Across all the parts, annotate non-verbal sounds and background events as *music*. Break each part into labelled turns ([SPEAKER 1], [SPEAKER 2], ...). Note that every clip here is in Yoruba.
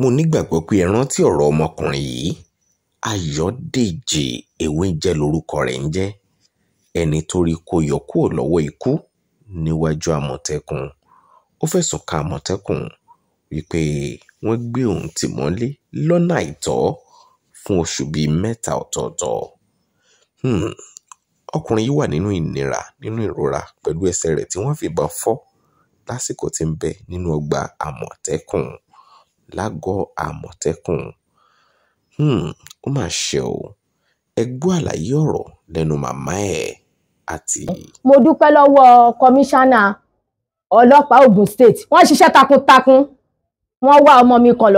[SPEAKER 1] mo nígbàgbọ́ pé ẹ rántí ọ̀rọ̀ ọmọkùnrin yìí ayọ̀dèjì ewéńjẹ́ lorúkọ rẹ̀ ń jẹ́ ẹni tó rí kó yọ kúrò lọ́wọ́ ikú níwájú àmọ̀tẹ́kùn ó fẹ̀sùn ka àmọ̀tẹ́kùn wípé wọ́n gbé òun tì mọ́lé lọ́nà àìtọ́ fún oṣù bíi mẹ́ta ọ̀tọ̀ọ̀tọ̀ hmm, ọkùnrin yìí wà nínú ìnira nínú ìrora pẹ̀lú ẹsẹ̀ rẹ̀ tí wọ́n fìbọn fọ́ lásìkò tí ń bẹ nínú ọgbà àmọ̀tẹ́kùn lágọ̀ọ́ àmọ̀tẹ́kùn um ó mà ṣe o ẹ gbọ́ àlàyé ọ̀rọ̀ lẹ́nu màmá ẹ̀ àti.
[SPEAKER 2] mo dúpẹ́ lọ́wọ́ kọmíṣánná ọlọ́pàá Ogun State wọ́n ṣiṣẹ́ takuntakun wọ́n wá ọmọ mi kan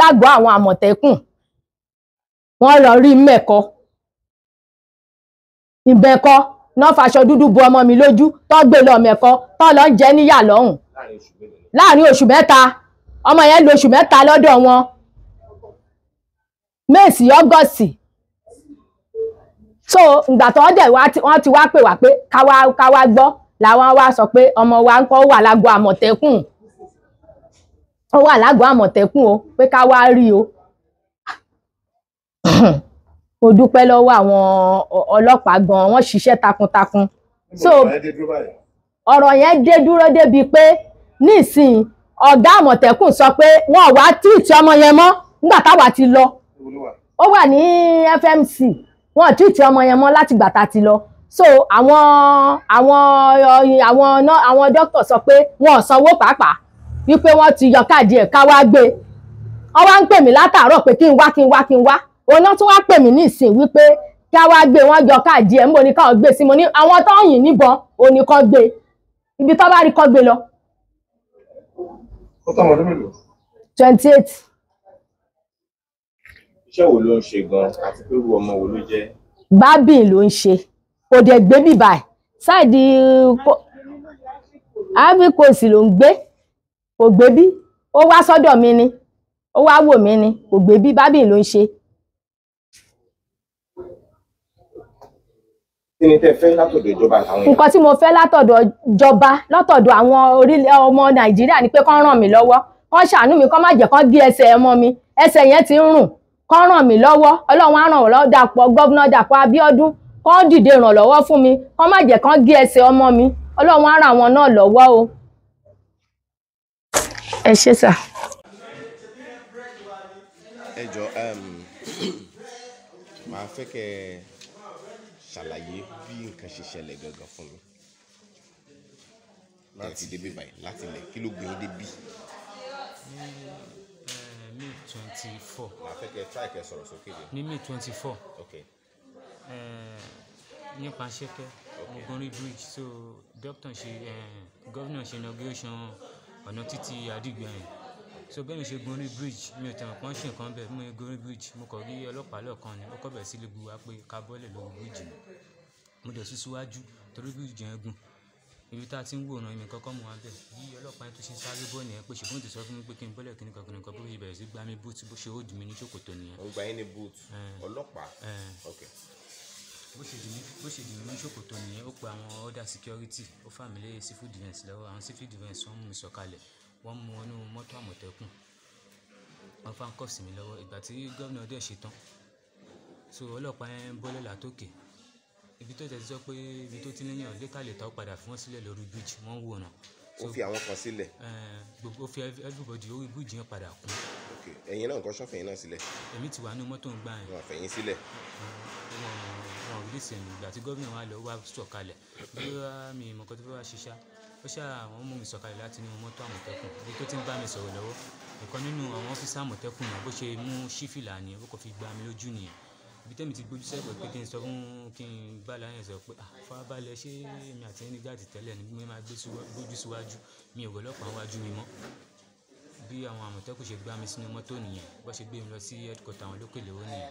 [SPEAKER 2] lágọ̀ọ́ àwọn àmọ̀tẹ́kùn wọ́n lọ rí mẹ́kọ ìbẹ̀kọ náà faṣọ dúdú bu ọmọ mi lójú tó gbé lọ mẹ́kọ tó lọ ń jẹ níyà lọ́hùn láàrin oṣù mẹ́ta ọmọ yẹn lo oṣù mẹ́ta lọ́dọ̀ wọn méèsì ọgọ́sì so ìgbà tó dẹ̀ wọ́n ti wá pè wá pé káwa káwa gbọ́ làwọn wá sọ pé ọmọ wa ńkọ́ wà lágọ̀ọ́ àmọ̀tẹ́kùn ó wà lágọ̀ọ́ àmọ̀tẹ́kùn o pé káwa rí o *clears throat* mo dúpẹ́ lọ́wọ́ àwọn ọlọ́pàá gan wọ́n ṣiṣẹ́ takuntakun so ọ̀rọ̀ yẹn dé dúró débi pé nísìnyí ọ̀gá àmọ̀tẹ́kùn sọ pé wọn ò wá tíìtì ọmọ yẹn mọ́ nígbà táwa ti lọ ó wà ní FMC wọn ò tíìtì ọmọ yẹn mọ́ láti gbà tá a ti lọ so àwọn àwọn àwọn àwọn dókítà sọ pé wọn ò sanwó pàápàá wípé wọn ti yọ káàdì ẹ̀ ká wá gbé wọn wá ń pè mí látàárọ̀ pé kí n wá kí n wá kí n wá òun náà tún wá pè mí ní ìsìn wípé kí a wá gbé wọn yọ káàdì ẹ̀ ń bò ní káwọn gbé sí mo ní àwọn tó ń yìn níbọn òun ni kò gbé ibi tó bá rí kò gbé lọ
[SPEAKER 1] ó tọ́ ọmọdún mélòó. twenty eight. iṣẹ́ wo ló ń ṣe gan-an àti pé irú ọmọ wo ló jẹ́.
[SPEAKER 2] bábìn ló ń ṣe kò dẹ̀ gbé bíbá ẹ̀ ṣáàdì ábí kò sì ló ń mi ni ó wá wò mí ni kò gbé bí bábìn ló ń kí
[SPEAKER 1] ni tẹ́ fẹ́ látọ̀dọ̀ ìjọba àtàwọn èèyàn. nǹkan
[SPEAKER 2] tí mo fẹ́ látọ̀dọ̀ ìjọba látọ̀dọ̀ àwọn orílẹ̀ ọmọ nàìjíríà ni pé kán ràn mí lọ́wọ́ kán ṣàánú mi kán má jẹ́ kán gé ẹsẹ̀ ọmọ mi ẹsẹ̀ yẹn ti ń rùn kán ràn mí lọ́wọ́ ọlọ́run á ràn wọ́n lọ́wọ́ dàpọ̀ gọ́vnà dàpọ̀ abíọ́dún kán dìde ìrànlọ́wọ́ fún mi kán má jẹ́ kán gé ẹsẹ̀ ọmọ mi ọlọ́run á ràn wọn náà lọ́wọ́ o. ẹ ṣe sà.
[SPEAKER 3] ẹ jọ
[SPEAKER 1] máa fẹ́ kẹ́ ṣàlàyé nǹkan ṣe ṣẹlẹ̀ gangan fún mi láti débi báyìí láti ilẹ̀ kí ló gbé yín débi. ní eh, may twenty four. màá fẹ́ kẹ́ try kẹ́ sọ̀rọ̀ sókè dé. ní may twenty four. ok. Eh,
[SPEAKER 4] nípa ṣẹ́kẹ́ Ogunri bridge so doctor ṣe eh, governor ṣe inauguration ọ̀nà títí àdìgbẹ̀yìn so bẹ́ẹ̀ mi ṣe Ogunri bridge mi ò tẹ̀wọ̀n kan ṣe nǹkan bẹ́ẹ̀ mi Ogunri bridge mo kọ̀ rí ọlọ́pàá lọ́ọ̀kan ni ó kọ̀ bẹ̀ sí lè gbúwa pé ká bọ́lẹ̀ lọ́wọ́ bridge mi mo dẹ̀ sún síwájú torí bí ìjọ yẹn gùn ibi tá a ti ń wòran èmi kọ́kọ́ mọ̀ wá bẹ̀ yí ọlọ́pàá tó ṣe ń sáré bọ́ọ̀nì yẹn pé ṣùgbọ́n òtún sọ fún mi pé kí n bọ́lẹ̀ kíní kankan nìkan bó ṣe bẹ̀rẹ̀ sí gbá mi bóòtù bó ṣe hóòdù mi ní ṣòkòtò nìyẹn. òun yín ní bóòtù ọlọ́pàá bó ṣe dì mí bó ṣe dì mí ní ṣòkòtò nìyẹn ó pe àwọn order security ó fà mí lé civil defence lọ́wọ́ àwọn civil defence wọ́n mú mi sọ̀kalẹ̀ wọ́n mú wọnú mọ́tò àmọ̀tẹ́kùn wọ́n fà ń kọ̀ sí mi lọ́wọ́ ìgbà tí gómìnà dẹ̀ ṣetán so ọlọ́pàá yẹn bọ́lẹ̀ látòkè ibi tó tẹ̀ sọ pé ibi tó ti ní yàn létàlétà ó padà fún wọn sílẹ̀ lórí
[SPEAKER 1] bíjì wọ́n wòran. ó fi àwọn kan sílẹ̀.
[SPEAKER 4] Eh, gbogbo ó fi everybody orí bíjì yẹn padà kún.
[SPEAKER 1] ẹ̀yin náà nǹkan sọ́fẹ̀yìn náà sílẹ̀.
[SPEAKER 4] èmi ti wà ní mọ́tò ń gbà yẹn.
[SPEAKER 1] wọn àfẹ̀yìn sílẹ̀. Eh,
[SPEAKER 4] wọn ò lè sẹ̀yìn ìgbà tí gómìnà wa lọ wá sọ̀kalẹ̀ bí wàá mi ìmọ̀kọ́ tó fẹ́ wá ṣiṣẹ́ ó ṣáà àwọn mú mi sọ̀kalẹ̀ láti inú mọ́tò àmọ̀tẹ́kùn ibi tó ti ń bá mi sọ̀rọ̀ lọ́wọ́ ìkan nínú àwọn ọ́fíìsì àmọ̀tẹ́kùn náà bó ṣe mú sífìlà nìyẹn bó kò fi gbá mi lójú nìyẹn ibi tẹ́mi ti gbójú sẹ́pẹ̀ pé kí n sọ fún kí n bá láyé sọ pé àfarabalẹ̀ ah, ṣé èmi àti ẹni gáàtì tẹ́lẹ̀ ni mi máa gbójú síwájú mi ò rọ́lọ́pàá wájú mi mọ́ bí àwọn àmọ̀tẹ́kùn ṣe gbá mi sínú mọ́tò nìyẹn bó ṣe gbé mi lọ sí headquarter àwọn olókèlè ó nìyẹn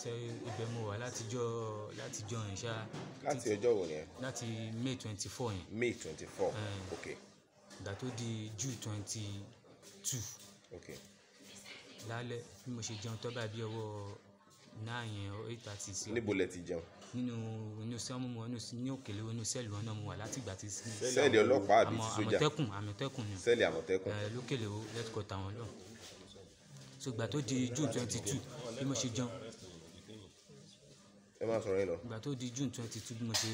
[SPEAKER 4] ṣe ibẹ̀ mo wà látijọ́ látijọ́ yẹn ṣá.
[SPEAKER 1] láti ọjọ́ wo yẹn. láti may twenty four yẹn. may
[SPEAKER 4] twenty four ok. ìgbà tó di june twenty two. ok. lálẹ́ bí mo ṣe jẹun tó bá bí ọwọ́ náà yẹn oh, eight thirty sí. níbo lẹ ti jẹun. nínú inú sẹ́wọ̀n mu inú ní òkèlè inú sẹ́ẹ̀lì wọn náà mo wà láti ìgbà tí. sẹ́ẹ̀lì ọlọ́pàá àbí ti sójà
[SPEAKER 1] àmọ̀tẹ́kùn àmọ̀tẹ́kùn ni. sẹ́ẹ̀lì àmọ̀tẹ́kùn. lókèlè o oh, lẹ́tùkọ̀tà wọn lọ.
[SPEAKER 4] so ìgbà tó di june twenty two bí mo ṣe jẹun. ẹ má sọ̀rọ̀ yín lọ. ìgbà tó di june twenty two bí mo ṣe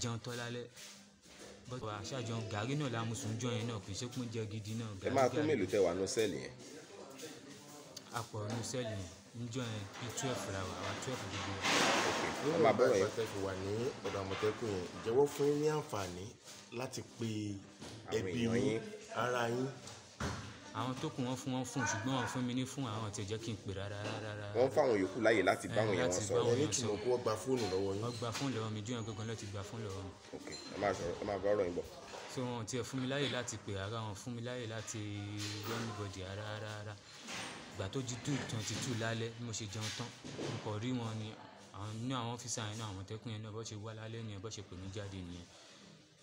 [SPEAKER 4] jẹun tọ́ lálẹ́ bọ́tọ̀ àṣàjọ gàrí náà la mùsùlùmí jọ yẹn náà kì í ṣe pé oúnjẹ gidi náà. ẹ máa tó mélòó
[SPEAKER 1] tẹ wà nù sẹ́ẹ̀lì yẹn.
[SPEAKER 4] àpọ̀ nù sẹ́ẹ̀lì yẹn níjọ́
[SPEAKER 1] ìjẹ́wọ́ fún yín ní àǹfààní láti pe ẹbí yín ara yín àwọn tó kù wọn fún wọn
[SPEAKER 4] fún ṣùgbọ́n wọn fún mi ní fún àwọn tí ò jẹ́ kí n pè rárá
[SPEAKER 1] wọ́n fáwọn yòókù láàyè láti bá yẹn wọn sọ̀rọ̀. ní
[SPEAKER 4] tùmọ̀ kó wọ́n gba fóònù lọ́wọ́ yín. wọ́n gba fóònù lọ́wọ́ mi jóyàn gangan lọ́ọ́ gba fóònù lọ́wọ́ mi.
[SPEAKER 1] ok ẹ máa sọ̀rọ̀ ẹ máa bá ọ̀rọ̀ yín bọ̀.
[SPEAKER 4] so wọn tiẹ̀ fún mi láàyè láti pè ara wọn fún mi láàyè láti ìgbà tó ju two twenty two lálẹ́ bí mo ṣe jẹun tán mo kàn rí wọn ni inú àwọn ọ́fíìsà yẹn náà àwọn tẹ́kùn yẹn náà bó ṣe wá lálẹ́ nìyẹn bó ṣe pè mí jáde nìyẹn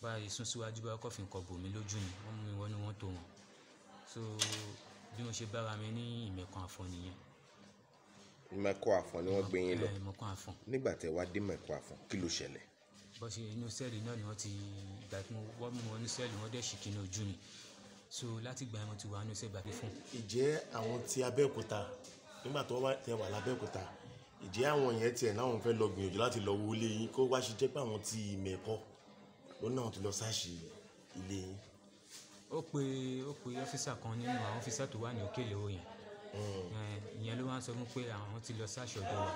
[SPEAKER 4] báyìí sún síwájú bá kọ́fì nǹkan bò mí lójú ni wọ́n mú mi wọnú wọn tó wọn so bí mo ṣe bára mi ní ìmẹ̀kan àfọ̀n nìyẹn.
[SPEAKER 1] ìmẹ̀kọ àfọ̀n ni wọ́n gbé yín lọ nígbà tẹ wá dé mẹ̀kọ àfọ̀n kí ló ṣẹlẹ̀.
[SPEAKER 4] bó ṣe inú sẹ́ẹ̀lì náà ni wọ́n ti gbà tí wọ́n mú wọn ní sẹ́ẹ̀lì wọ́n dẹ̀ ṣìkínú ojú mi so láti gbà ẹ̀wọ̀n ti wà ní ọ̀sẹ̀ ìgbàgbé fún.
[SPEAKER 1] ìjẹ́ àwọn ti abẹ́òkúta nígbà tó wá tẹ wà lábẹ́òkúta ìjẹ́ àwọn yẹn tiẹ̀ láwọn fẹ́ lọ gbìyànjú láti lọ wo ilé yín kó wá ṣe jẹ́ pé àwọn ti mẹ̀kọ́ lọ́nà àwọn ti lọ sáàṣì ilé yín.
[SPEAKER 4] ó pe ó pe ọ́fíìsà kan nínú àwọn ọ́fíìsà tó wà ní òkèlè òyìn hmm. ìyẹn ló wá ń sọ fún pé àwọn ti lọ sáàṣì ọ̀dọ̀ wa.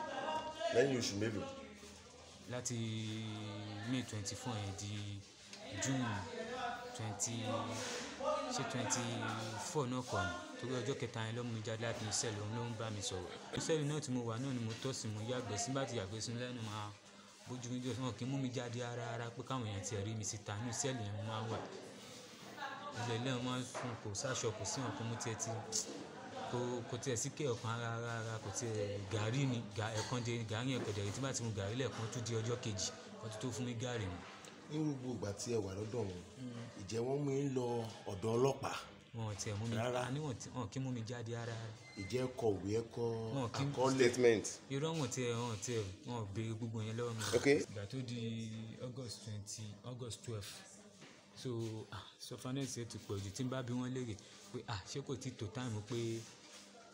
[SPEAKER 1] lẹ́yìn oṣù mélòó.
[SPEAKER 4] láti may twenty four yẹn di june twenty. 20 sí twenty four náà kọ̀ ní torí ọjọ́ kẹta yẹn ló mú mi jáde láti inú sẹ́ẹ̀lì òun ló ń bá mi sọ̀rọ̀ inú sẹ́ẹ̀lì náà tí mo wà náà ni mo tọ́ sí mo yàgbẹ́ sí bá ti yàgbẹ́ sí lẹ́nu máa bójú mi jọ sọ́wọ́n kí mú mi jáde ara ara pé káwọn èèyàn ti rí mi síta inú sẹ́ẹ̀lì yẹn mo máa wà ilẹ̀ ilé wọn máa ń sùn kò sáṣọ kò sí ọ̀kan mo tiẹ̀ ti kò tiẹ̀ sí kẹ́ ọ̀kan ara ara ara kò tiẹ̀ gàrí ni ẹ̀kan de gàrí ẹ̀kọ̀dẹ̀rẹ̀ tí bá ti mu gàrí lẹ́ẹ̀kan tún di ọjọ́ kejì kan tó tó fún mi gàrí mi
[SPEAKER 1] ní gbogbo ìgbà tí ẹ wà lọ́dọ̀ wọn ìjẹ́ wọ́n mú yín lọ ọ̀dọ̀ ọlọ́pàá wọn ò tiẹ̀ mú mi
[SPEAKER 4] rárá ni wọn kì í mú mi jáde rárá.
[SPEAKER 1] ìjẹ́ kọ̀wé ẹ̀kọ́ àkọọ́lẹ̀ statement.
[SPEAKER 4] irọ́ wọn tiẹ̀ wọn tiẹ̀ wọn béèrè gbogbo yẹn lọ́wọ́ mi. ìgbà tó di august twenty august twelve so ah sọfanẹ́sì ẹ̀ ti pọ̀ jù tí n bá bí wọ́n léèrè pé ah ṣé kò tí tó táìmù pé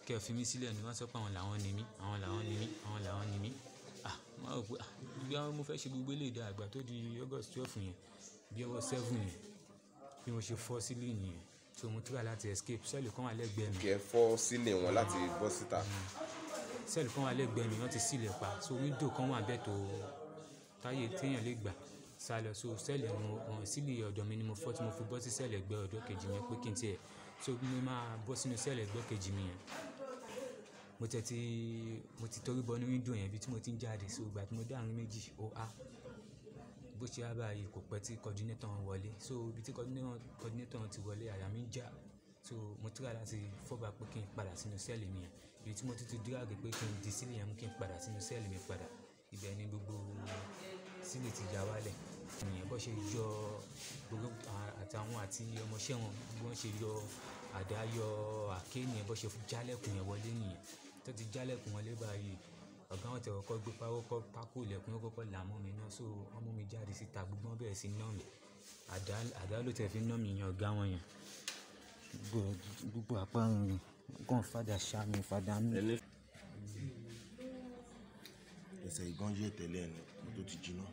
[SPEAKER 4] kẹ́ ẹ fi mí sílẹ̀ ni wọ́n sọ pé àwọn làwọn ni mí àwọn làwọn ni mí àwọn làwọn ni mí. Màá rò pé, boya mo fẹ́ ṣe gbogbo eléyi dá ìgbà tó di August twelve yẹn, bí ọwọ́ seven yẹn, bí mo ṣe fọ́ ceiling yẹn, so mo try láti escape. Sẹ́ẹ̀lì kan wà lẹ́gbẹ̀ẹ́ mi. Kí ẹ
[SPEAKER 1] fọ́ ceiling wọn láti bọ́ síta.
[SPEAKER 4] Sẹ́ẹ̀lì mm. kan wà lẹ́gbẹ̀ẹ́ mi, wọ́n ti ṣí ilẹ̀ pa, so window kan wà bẹ́ẹ̀ tó táyé tí èèyàn lè gbà sálọ. So sẹ́ẹ̀lì wọn, ceiling ọ̀dọ̀ mi ni mo fọ́ tí mo fi bọ́ sí sẹ́ẹ̀lì ẹgbẹ́ ọ̀dọ̀ kejì yẹn pé kí n tiẹ̀. So mo máa bọ́ sínú sẹ́ẹ̀lì ẹgbẹ́ kejì mi yẹn mo tẹ̀ ti mo ti torí bọnú window yẹn bí tí mo ti ń jáde so ìgbà tí mo dá àárín méjì ó há bó ṣe há báyìí kò pẹ́ tí coordinator wọlé so ibi tí coordinator wọn ti wọlé àyà mi ń já so mo tíra láti fọ́ba pé kí n padà sínú sẹ́ẹ̀lì mi yẹn ibi tí mo ti ti dírágì pé kí n di sílì yẹn mú kí n padà sínú sẹ́ẹ̀lì mi padà ibẹ̀ ni gbogbo sílì ti já wálẹ̀ ènìyàn bọ́ ṣe yọ gbogbo àtàwọn àti ọmọọṣẹ́ wọn bí wọ́n ṣe yọ àdá yọ àké nìyẹn bọ́ ṣe jálẹ̀kùn yẹn wọlé nìyẹn tó ti jálẹ̀kùn wọlé báyìí ọ̀gá wọn ti kọ́kọ́ gbé pákó pákó ilẹ̀kùn ó kọ́kọ́ là mọ́ mi náà so wọ́n mú mi jáde síta gbogbo wọn bẹ̀rẹ̀ sí ná mi àdá ló tẹ̀ fi ná mi yan ọ̀gá wọn yẹn gbogbo apá rìn
[SPEAKER 1] gan fada ṣáàmì fada mi. ẹsẹ̀ ìgán yé tẹ̀lé ẹni tó ti jiná.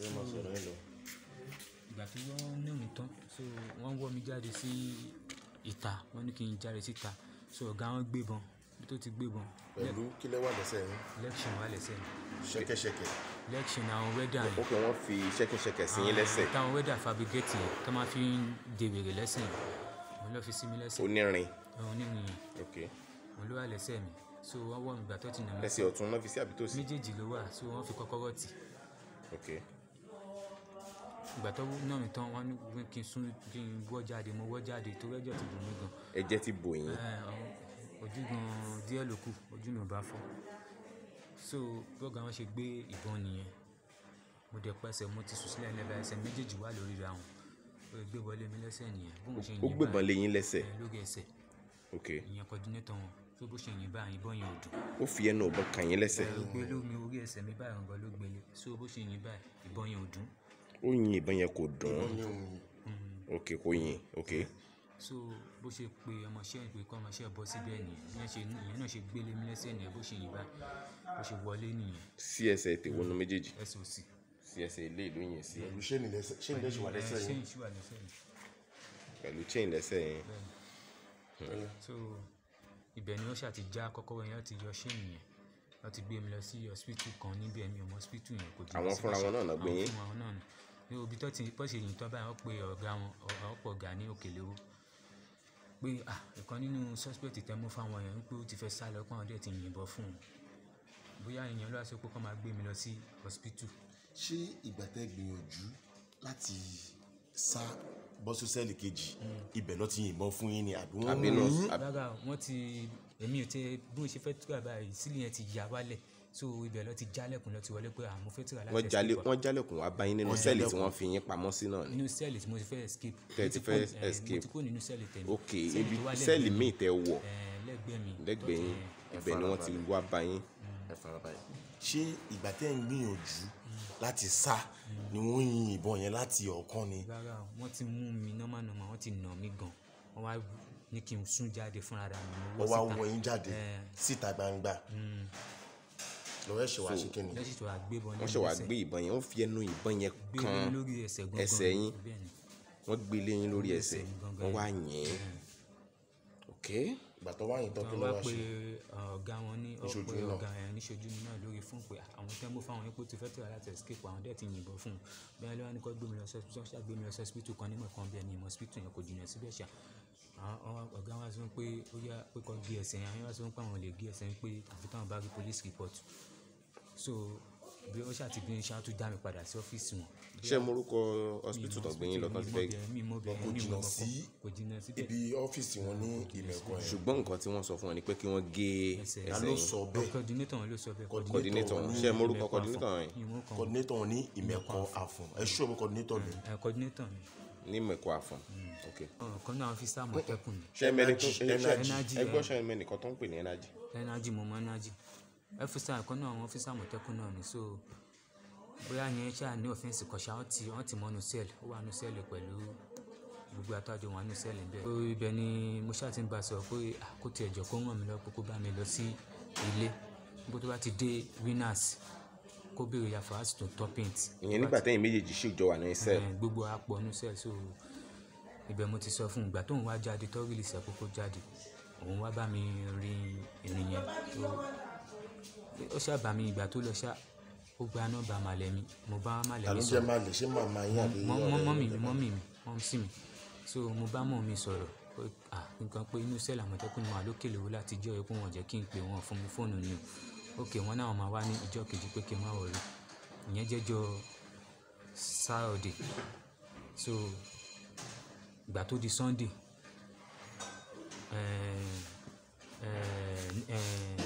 [SPEAKER 1] ẹ máa sọ̀rọ̀ ẹ
[SPEAKER 4] ìgbà tí wọ́n ní òun tán so wọ́n wọ́ mi jáde sí ìta wọ́n ní kí n jáde síta so ọ̀gá wọn gbébọn bí tó ti gbébọn.
[SPEAKER 1] pẹ̀lú kí lẹ́wà lẹ́sẹ̀ yín. lẹ́kṣìn wà lẹ́sẹ̀ yín. ṣẹ̀kẹ̀ṣẹ̀kẹ̀.
[SPEAKER 4] lẹ́kṣìn àwọn wẹ́dà yẹn.
[SPEAKER 1] ok wọ́n fi ṣẹ̀kẹ̀ṣẹ̀kẹ̀ sí yín lẹ́sẹ̀.
[SPEAKER 4] táwọn wẹ́dà fabigéètì yẹn tó máa fi
[SPEAKER 1] ń dèwèrè lẹ́sẹ̀ yẹn
[SPEAKER 4] wọ́n lọ fi sí mi lẹ́sẹ̀.
[SPEAKER 1] onírin. onírin yẹn. ok.
[SPEAKER 4] wọ́n ló wà lẹ́sẹ̀ mi so wọ́n wọ̀ mí gbà tó ti nà mí. lẹ́sẹ̀ ọ̀tún náà fi
[SPEAKER 1] sí àbítòsí. méjèèjì ló wà so wọ́n fi kọ́kọ́rọ́ tì. ok
[SPEAKER 4] ìgbà tó náà mi tán wọn ní kí n sún kí n wọ́ jáde mo wọ́ jáde torí ẹ̀jẹ̀ ti bò mí gan. ẹ̀jẹ̀ ti bò yín. ojú gan díẹ̀ ló kù ojú mi ò bá fọ́ so bọ́gà wọn ṣe gbé ìbọn nìyẹn mo dẹ̀ pẹ́sẹ̀ mo ti sùn sílẹ̀ lẹ́ba ẹsẹ̀ méjèèjì wà lórí ra wọn ó gbé bọ́lé mi lẹ́sẹ̀ nìyẹn bóun ṣe yìn báyìí ó gbébọn lé yín lẹ́sẹ̀ lórí ẹsẹ̀ ok ìyẹn kọ́dínétọ̀ wọn tó bó ṣe yìn báyìí ìbọn yẹn ò dùn.
[SPEAKER 1] ó fi ẹnu ọ̀bọ kàn yín lẹ́sẹ̀. ó gbé
[SPEAKER 4] lómi orí ẹsẹ̀ mi báyìí ọ̀gá ló gbélé so bó ṣe yìn ìbọn yẹn ò dùn
[SPEAKER 1] ó yin ìbọn yẹn kò dùn ok kò yin ok.
[SPEAKER 4] so bó ṣe pe ọmọọṣẹ́ ìpè kọ́ ọmọọṣẹ́ bọ́ síbẹ̀ nìyẹn ìyẹn náà ṣe gbélé mi lẹ́sẹ̀ nìyẹn bó ṣe yìn bá bó ṣe wọlé nìyẹn.
[SPEAKER 1] csa tèwo nu méjèèjì soc csa ilé ìlú yẹn sí. pẹ̀lú ṣé ní lẹ́sẹ̀ ṣé ní lẹ́sẹ̀ wà lẹ́sẹ̀ yẹn. pẹ̀lú chain lẹ́sẹ̀ yẹn. Hmm. so ibẹ̀ ni
[SPEAKER 4] wọ́n ṣàti já kọ́kọ́rọ́ yẹn ti yọ ṣé nìyẹn wọ́n ti gbé mi lọ sí hospital kan níbẹ̀ mi ò hospital yẹn kò jẹ́ àwọn ní ibi tó ti bọ́ ṣe yìntàn báyìí wọ́n pe ọ̀gá wọn ọ̀pọ̀ ọ̀gá ní òkèlè o pé ah ìkan nínú suspect tẹ mú fáwọn èèyàn pé ó ti fẹ́ sá lọ pé àwọn dẹ̀ ti yìnbọn fún un bóyá èèyàn ló wá sọ pé kó máa gbé mi lọ sí hospital.
[SPEAKER 1] ṣé ìgbà tẹ gbìyànjú láti sá bọ́ sí sẹ́ẹ̀lì kejì hmm. ibẹ̀ ló ti yìnbọn fún yín ni àbí wọ́n mú un.
[SPEAKER 4] rárá wọ́n ti èmi ò tẹ bí mo ṣe fẹ́ tú àbá ìsílẹ̀ yẹn ti yà wálẹ̀ so ibẹ̀ lọ ti jálẹ̀kùn lọ ti wọlé pé àmọ́ fẹ́ tìrà láti wọ́n jalè wọ́n jálẹ̀kùn wá bá yín nínú sẹ́ẹ̀lì tí wọ́n fi yín
[SPEAKER 1] pamọ́ sí náà ni.
[SPEAKER 4] nínú sẹ́ẹ̀lì tí mo ti fẹ́ escape. tẹ ti fẹ́ escape eh, mo ti kó nínú sẹ́ẹ̀lì tẹ̀mí. ok ibi sẹ́ẹ̀lì míì tẹ wọ̀ eh, lẹ́gbẹ̀ẹ́
[SPEAKER 1] yín ibẹ̀ ni wọ́n ti wá bá yín. ẹ fara balẹ̀ ṣé ìgbà tẹ́ ń gbìyànjú láti sá hmm. ni wọ́n yin ìbọn yẹn láti ọ̀kan ni. rárá wọ́n ti mú mi
[SPEAKER 4] nọ́mà nọ́mà wọ́n ti nà mí gan wọ́n wá ní kí n sún jáde fúnra rẹ̀ mi. wọ́n wá wọ yín
[SPEAKER 1] jáde eh. síta gbangba. Hmm lọ́wọ́ ẹ̀ ṣe wá ṣe kíni wọ́n ṣe wá gbé ìbọn yẹn wọ́n fi ẹnu ìbọn yẹn kan ẹsẹ̀ yín wọ́n gbé lé lórí ẹsẹ̀ wọ́n wá yìn ok ìgbà tó wá yìn tán kí ló wá ṣe.
[SPEAKER 4] ọ̀gá wọn ní ọ̀pẹ ọ̀gá yẹn níṣojú ni náà lórí fún pé àwọn tẹ́ fáwọn epo ti fẹ́ tẹ̀wá láti escape àwọn dẹ̀ yìnbọn fún un bẹ́ẹ̀ ló wá ní kó gbé mi lọ sọ́sítù ṣá gbé mi lọ sọ́sítù kan nímọ̀ kan bẹ́ẹ̀ ni ìmọ̀ sọ́sítù yẹn kò jìnnà síbẹ̀ ṣá ọ̀gá wa sọ pé ó yá pé kọ́ gé ẹsẹ̀ yẹn àwọn yẹn wá sọ pé àwọn lè gé ẹsẹ̀ yẹn pé àfi táwọn bá rí police report so bí ó ṣáà ti bí ṣáà tún dá mi padà sí ọ́fíìsì wọn. ṣé mo
[SPEAKER 1] rúkọ hospital tó gbẹ̀yìn lọ́tàn ti bẹ́ẹ̀ kò jìnnà sí ibi ọ́fíìsì wọn ní ìmẹ̀kọ yẹn. ṣùgbọ́n nǹkan tí wọ́n sọ fún wọn ni pé kí wọ́n gé ẹsẹ̀ yẹn. ta ló sọ bẹ́ẹ̀ coordinator wọn ló sọ bẹ́ẹ̀. coordinator wọn ṣé mo rúkọ coordinator yẹn. coordinator wọn ní ìmẹ̀kọ àfọ̀n ẹ ṣọ́ mi coordinator mi. Mm, coordinator mi ní mẹ̀kọ àfọ̀n. Mm. ọ̀kan náà fi sáà mọ̀tẹ́kùn ni. ṣé ẹnẹ́jì ẹgbọ́n ṣe ẹnẹ́jì kan tó ń pè ní ẹnẹ́jì.
[SPEAKER 4] ẹnẹ́jì mo mọ ẹnẹ́jì ọ́físà kan náà àwọn ọ́físà àmọ̀tẹ́kùn náà ni so bóyá yẹn ṣáà ní ọ̀fẹ́ǹsì kọ̀ṣà wọ́n ti wọ́n ti mọ́nu sẹ́ẹ̀lì ó wà nù sẹ́ẹ̀lì pẹ̀lú gbogbo àtàjọ wọn nù sẹ́ẹ̀lì ń ó ibẹ̀ ni mo ṣáà ti ń bá a sọ pé ah, kó tiẹ̀ jọ kó ràn mí lọ pé kó bá mi lọ sí ilé bó tó bá ti dé winners kó béèrè yàtọ̀ á sì tún top paint.
[SPEAKER 1] ìyẹn nígbà tẹ́yìn méjèèjì sì jọ wà ní sẹ́ẹ̀lì.
[SPEAKER 4] gbogbo àpọ̀ nù sẹ́ẹ̀lì so ibẹ̀ mo ti sọ fún ìgbà tóun wá jáde tó ó ṣàbà mi ìgbà tó lọ ṣá ó gba nọ́mbà màlẹ̀ mi mo bá màlẹ̀ mi àlùjẹ màlẹ̀ ṣé màmá yín àbí mọ́mì mi mọ́mì mi mọ́mísì mi so mo bá mọ̀ mi sọ̀rọ̀ nǹkan pé inú sẹ́ẹ̀lì àmọ̀tẹ́kùn ni màá lókè lówó láti jẹ́ ẹ̀kú wọn jẹ́ kí n pè wọn fún mi fóònù ni o òkè wọn náà máa wá ní ìjọ kejì pé kí n má wọlé ìyẹn jẹ́jọ́ Saturday so ìgbà tó di Sunday eh, eh, eh,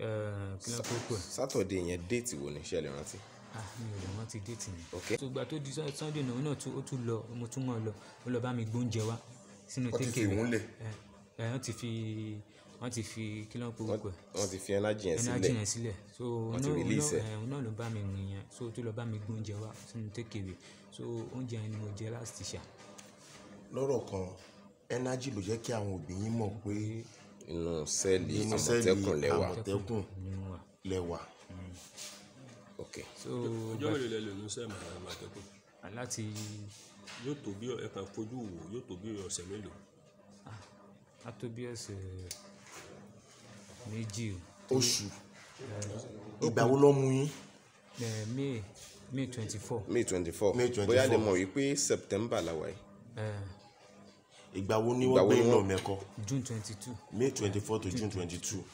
[SPEAKER 4] Eh, kí ló ń kókó
[SPEAKER 1] ẹ̀. Saturday yẹn déètì wo ni ṣẹlẹ̀ rántí.
[SPEAKER 4] ah mi ò lè rántí déètì yẹn. ok tó gba tó di Sunday náà náà ó tún lọ mo tún mọ̀ lọ ó lọ bá mi gbóúnjẹ wá sínú tékè rẹ̀ wọ́n ti fi eh, eh, wọ́n ti fi wọ́n ti
[SPEAKER 1] fi kí ló ń kókó wọ́n ti fi energy yẹn sílẹ̀ energy yẹn sílẹ̀ so wọ́n ti release ẹ̀.
[SPEAKER 4] òun náà ló bá mi rìn yẹn so tó lọ bá mi gbóúnjẹ wá sínú tékè rẹ̀ so oúnjẹ yẹn ni mo jẹ last ṣà.
[SPEAKER 1] lọ́rọ̀ kan energy ló jẹ́ kí àwọn òbí yín mọ̀ pé. Okay inú sẹ́ẹ̀lì àmọ̀tẹ́kùn lẹ́wà. àmọ̀tẹ́kùn lẹ́wà. ok.
[SPEAKER 2] so
[SPEAKER 4] ọjọ́ mélòó lẹ lò ní sẹ́ẹ̀lì àmọ̀tẹ́kùn. aláti. yóò tó bí ẹ kàn fojú wò yóò tó bí ọ̀sẹ̀ mélòó. Ah, a tó bí ọ̀sẹ̀
[SPEAKER 1] méjì o. oṣù eh, ìgbà wo ló mú yín.
[SPEAKER 4] Eh, may may twenty four. may twenty four bóyá lè mọ̀
[SPEAKER 1] wípé september la wà yìí. Eh, ìgbà wo ni wọ́n gbé iná mẹ́kọ. june twenty two. may twenty four to june twenty two.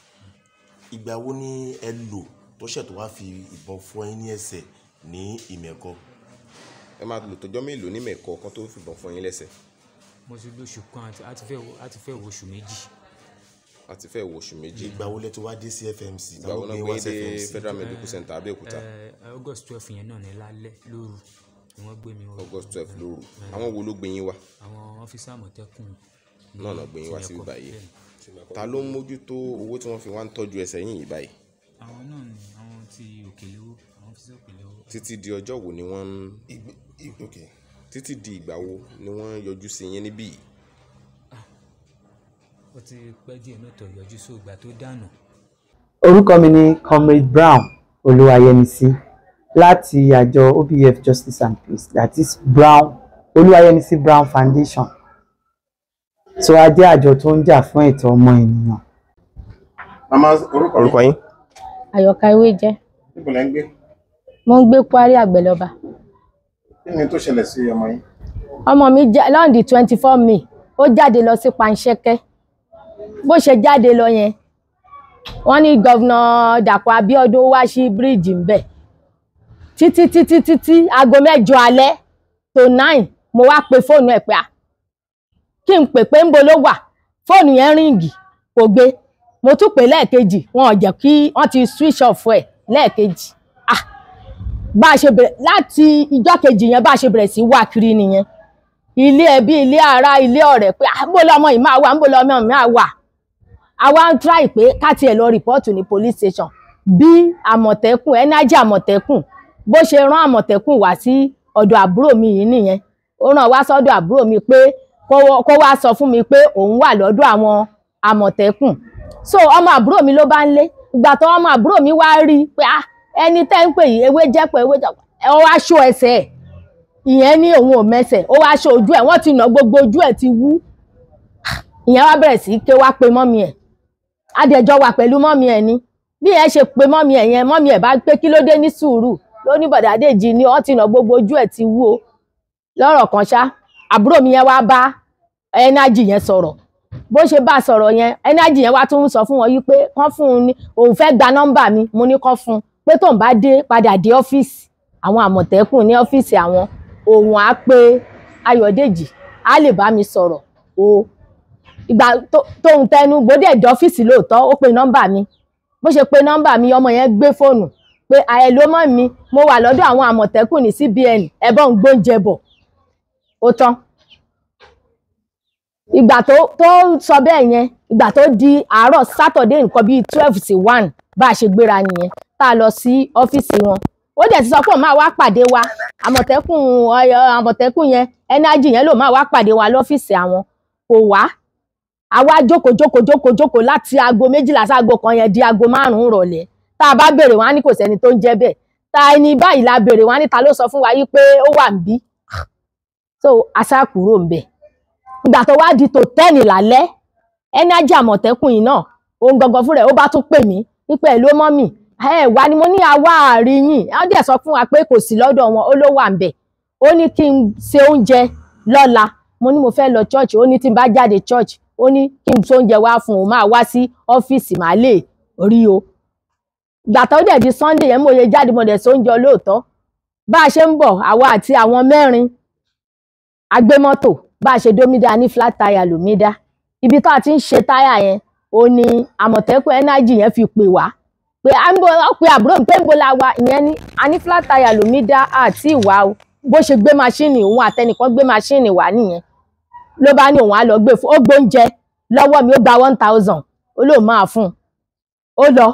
[SPEAKER 1] ìgbà wo ni ẹ lò tó ṣẹ̀ tó wá fi ìbọn fún ẹ ní ẹsẹ̀ ní ìmẹ̀kọ. ẹ máa lò tọjọ́ mélòó ní mẹ̀kọ kan tó fìbọn fún yín lẹ́sẹ̀.
[SPEAKER 4] mo ti lóṣù kan àti fẹ́ wo oṣù méjì
[SPEAKER 1] àti fẹ́ wo oṣù méjì. ìgbà wo lẹ ti wá dé sí FMC. ìgbà wo náà gbé dé Federal Medical Center Abẹ́òkúta. Eh,
[SPEAKER 4] eh, August twelve yẹn náà ní lálẹ́ lóru ni wọ́n gbé mi wá. August twelve lóru àwọn wo ló gbé yín wá. àwọn ọ́fíìsì àmọ̀tẹ́kùn. náà náà gbé yín wá síbi báyìí ta ló ń
[SPEAKER 1] mójútó owó tí wọ́n fi wá ń tọ́jú ẹsẹ̀ yín yìí báyìí.
[SPEAKER 4] àwọn náà ni àwọn ti òkèlè owó àwọn ọ́fíìsì òkèlè
[SPEAKER 1] owó. títí di ọjọ́ wo ni wọ́n
[SPEAKER 4] ń
[SPEAKER 1] títí di ìgbà wo ni wọ́n yọjú sí yín níbí yìí. Ah,
[SPEAKER 4] ó ti pẹ́ díẹ̀ náà tó yọjú sí ògbà tó dànù.
[SPEAKER 3] orúkọ mi ni comrade Brown Olúwayẹmisí láti àjọ obf justice and peace that is brown olúwayẹmísí brown foundation tó a jẹ́ àjọ tó ń jà fún ẹ̀tọ́ ọmọ ènìyàn. màmá orúkọ orúkọ yín.
[SPEAKER 2] àyọkà ewé jẹ. níbo lẹ ń gbé. mo ń gbé kwari àgbẹ̀lọba.
[SPEAKER 1] kí ni tó ṣẹlẹ̀ sí ọmọ yín.
[SPEAKER 2] ọmọ mi jẹ lọ́ndì twenty four may ó jáde lọ sí panṣẹ́kẹ́ bó ṣe jáde lọ yẹn wọ́n ní gọ́vnà dàpọ̀ abiodun wá sí bíríìjì ńbẹ̀ títí títí títí aago mẹ́jọ alẹ́ tó nine mo wá pe fóònù ẹ̀ pé à kí n pè pé ń bo ló wà fóònù yẹn ríǹgì kò gbé mo tún pè lẹ́ẹ̀kejì wọn ò kí wọ́n ti switch off ẹ̀ lẹ́ẹ̀kejì ah bá a ṣe bẹ̀rẹ̀ láti ìjọ́ kejì yẹn bá a ṣe bẹ̀rẹ̀ sí wá kiri nìyẹn ilé ẹbí ilé ara ilé ọ̀rẹ́ pé àbò lọmọ yìí máa wà àbò lọmọ yìí máa wà àwa ń try pé ká tiẹ̀ lọ rìpọ́ọ̀tù ní police station bí àmọ̀tẹ́kùn ẹnájà àmọ̀tẹ́kùn bó ṣe rán àmọ̀tẹ́kùn wá sí ọ̀dọ̀ àbúrò mi yìí nìyẹn ó ràn wá sọ́dọ̀ àbúrò mi pé kó wá sọ fún mi pé òun wà lọ́dọ̀ àwọn àmọ̀tẹ́kùn so ọmọ àbúrò mi ló bá ń lé ìgbà tó ọmọ àbúrò mi wá rí i pé ah ẹni tẹ́ ń pè yìí ewé jẹ́pọ̀ ewé jẹ́pọ̀ ó wá ṣó ẹsẹ̀ ìyẹn ní òun ò mẹsẹ̀ ó wá ṣó ojú ẹ̀ wọ́n ti nà gbogbo ojú ẹ̀ ti wú ìyẹn wá bẹ̀rẹ̀ sí ké wá pe mọ́mi ẹ̀ adẹ̀jọ́ wà pẹ̀lú mọ́mi ẹ̀ ni bí ẹ ṣe pe mọ́mi ẹ̀ yẹn mọ́mi ẹ̀ bá gbé kí ní sùúrù ló ní bọ̀dà Déjì ni ọ́ ti nà gbogbo ojú ẹ̀ ti wú o lọ́rọ̀ kan ṣá àbúrò mi yẹn wá bá ẹnájì yẹn sọ̀rọ̀ bó ṣe bá sọ̀rọ̀ yẹn ẹnájì yẹn wá tún ń sọ fún wọn yí pé kán fún un ní òun fẹ́ gba nọ́mbà mi mo ní kán fún un pé tóun bá dé padà dé ọ́fíìsì àwọn àmọ̀tẹ́kùn ní ọ́fíìsì àwọn òun á pé Ayọ̀dèjì á lè bá mi sọ̀rọ̀ o ìgbà tóun tẹnu gbódẹ̀ dọ́fíìsì lóòótọ́ ó pe nọ́mbà mi bó ṣe pe nọ́mbà mi ọmọ yẹn gbé fóònù pé àyè ló mọ̀ mi mo wà lọ́dọ̀ àwọn àmọ̀tẹ́kùn ní CBN ẹ̀bọ̀n gbóúnjẹ bọ̀ ó tán ìgbà tó tó sọ bẹ́ẹ̀ yẹn ìgbà tó di àárọ̀ sátọ̀dé nǹkan bíi twelve sí one bá a ṣe gbéra nìyẹn tá a lọ sí ọ́fíìsì wọn ó dẹ̀ ti sọ pé òun máa wá pàdé wa àmọ̀tẹ́kùn àmọ̀tẹ́kùn yẹn ẹnájì yẹn ló máa wá pàdé wa lọ́fíìsì àwọn kò wá àwa jókòó jókòó jókòó jókòó láti aago méjìlá sí aago kan yẹn di aago márùn-ún rọ̀lẹ́ ta ba bá béèrè wọn á ní kò sẹ́ni tó ń ta ẹni báyìí la béèrè wọn á ta ló sọ fún wa yìí pé ó wà ń so asa kúrò ń bẹ̀ ìgbà tó wá di tòtẹ́ẹ̀lì lálẹ́ ẹnájì àmọ̀tẹ́kùn yìí náà òun gangan fúnra ẹ̀ ó bá tún pè mí wípé ẹ̀ ló mọ́ mi ẹ wá ni mo ní àwa àárín yìí wọ́n dẹ̀ sọ fún wa pé kò sí lọ́dọ̀ wọn ó ló wà ń bẹ̀ ó ní kí n ṣe oúnjẹ mo ní mo fẹ́ lọ church ó ní tí n bá church ó ní kí n ṣe oúnjẹ wá fún òun máa wá sí ọ́fíìsì màá lè o gbàtọ́ dẹ̀ di Sunday yẹn mòye jáde mo dẹ̀ sóúnjẹ olóòótọ́ bá a ṣe ń bọ̀ àwa àti àwọn mẹ́rin agbémọ́tò bá a ṣe dómídá ní flat tire lòmídá ibi tó a ti ń ṣe táyà yẹn ó ní àmọ̀tẹ́kùn energy yẹn fi pè wá pé ó pe àbúrò pé níbo la wa ìyẹn ní a ní flat tire lòmídá àti ìwà o bó ṣe gbé maṣíìnì òun àtẹnìkan gbé maṣíìnì wá nìyẹn ló bá ní òun á lọ gbé fún ó gbóúnjẹ lọ́wọ́ mi ó gba one thousand ó lóun máa fún un ó lọ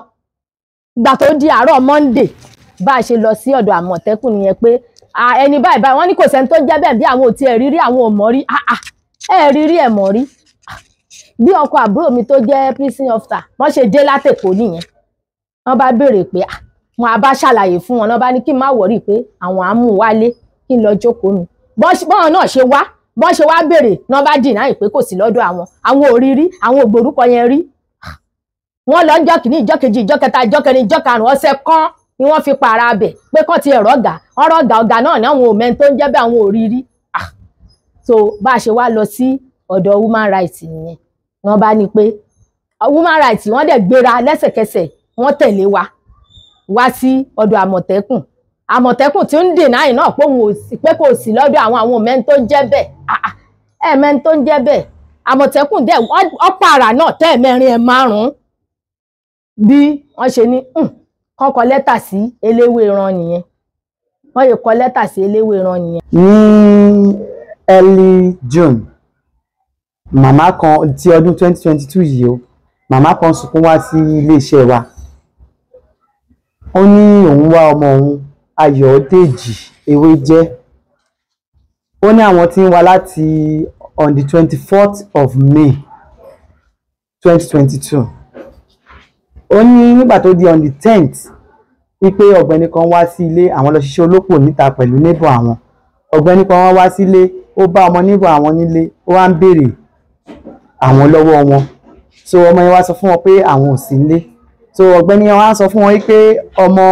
[SPEAKER 2] gbà tó di àárọ̀ Monday bá a ṣe lọ sí ọ̀dọ̀ àmọ̀tẹ́kùn nìyẹn pé ẹni báyìí báyìí wọ́n ní kò sẹ́ni tó jẹ́ bẹ́ẹ̀ bí àwọn ò tiẹ̀ rírí àwọn ò mọ̀ rí ah, ah, ẹ rírí ẹ̀ mọ̀ rí ah, bí ọkọ àbúrò mi tó jẹ́ prison officer wọ́n ṣe dé látẹ̀kọ́ nìyẹn wọ́n bá béèrè pé wọn a bá ṣàlàyé fún wọn wọ́n bá ní kí n má wọ̀rí pé àwọn àmú wálé kí n lọ jókòó mi bọ́n náà ṣe wá bọ́n ṣe wá béèrè náà bá dì náà pé kò sí lọ́dọ̀ àwọn àwọn ò àwọn ògbórúkọ yẹn rí wọ́n lọ ń jọ́ kìíní ìjọ́ kejì ìjọ́ kẹta ìjọ́ kẹrin ìjọ́ karùn-ún ọ̀sẹ̀ kan ni wọ́n fi pààrà abẹ̀ pé kán ti ẹ̀rọ ọ̀gá ọ̀rọ̀ ọ̀gá ọ̀gá náà ní àwọn òmẹ́ni tó ń jẹ́ bẹ́ẹ̀ àwọn òrírí ah! so bá a ṣe wá lọ sí ọ̀dọ̀ human rights nìyẹn wọ́n bá ní pé human rights wọ́n dẹ̀ gbéra lẹ́sẹ̀kẹsẹ̀ wọ́n tẹ̀lé wa wá sí ọ̀dọ̀ àmọ̀tẹ́kùn àmọ̀tẹ́kùn tí ń dènà àyìn náà pé kò sí lọ́dọ̀ àwọn àwọn òmẹ́ni tó ń jẹ́ bẹ́ẹ̀ ah, ah! ẹ̀ẹ́mẹ́ni tó ń jẹ́ bẹ́ẹ̀ àmọ̀tẹ́kùn dẹ̀ ọ̀pàrà náà tẹ́ẹ̀mẹ́rin ẹ̀ márùn-ún bí wọ́n ṣe ní hmm, kọ́ kọ lẹ́tà sí Eléwéran nìyẹn wọ́n yóò kọ lẹ́tà sí Eléwéran nìyẹn.
[SPEAKER 3] ní early June màmá kan ti ọdún twenty twenty two yìí o màmá kan sunkún wá sí iléeṣẹ́ wa ó ní òun wá ọmọ òun Ayọ̀dèjì Ewéjẹ́ ó ní àwọn tí ń wá láti on the twenty fourth of May twenty twenty two ó ní nígbà tó di on the tenth wípé ọ̀gbẹ́ni kan wá sí ilé àwọn lọ ṣiṣẹ́ olópò níta pẹ̀lú neighbor àwọn ọ̀gbẹ́ni kan wá sí ilé ó bá ọmọ neighbor àwọn nílé ó wá ń béèrè àwọn lọ́wọ́ wọn so ọmọ yẹn wá sọ fún wọn pé àwọn ò sí nílé so ọ̀gbẹ́ni yẹn wá sọ fún wọn pé ọmọ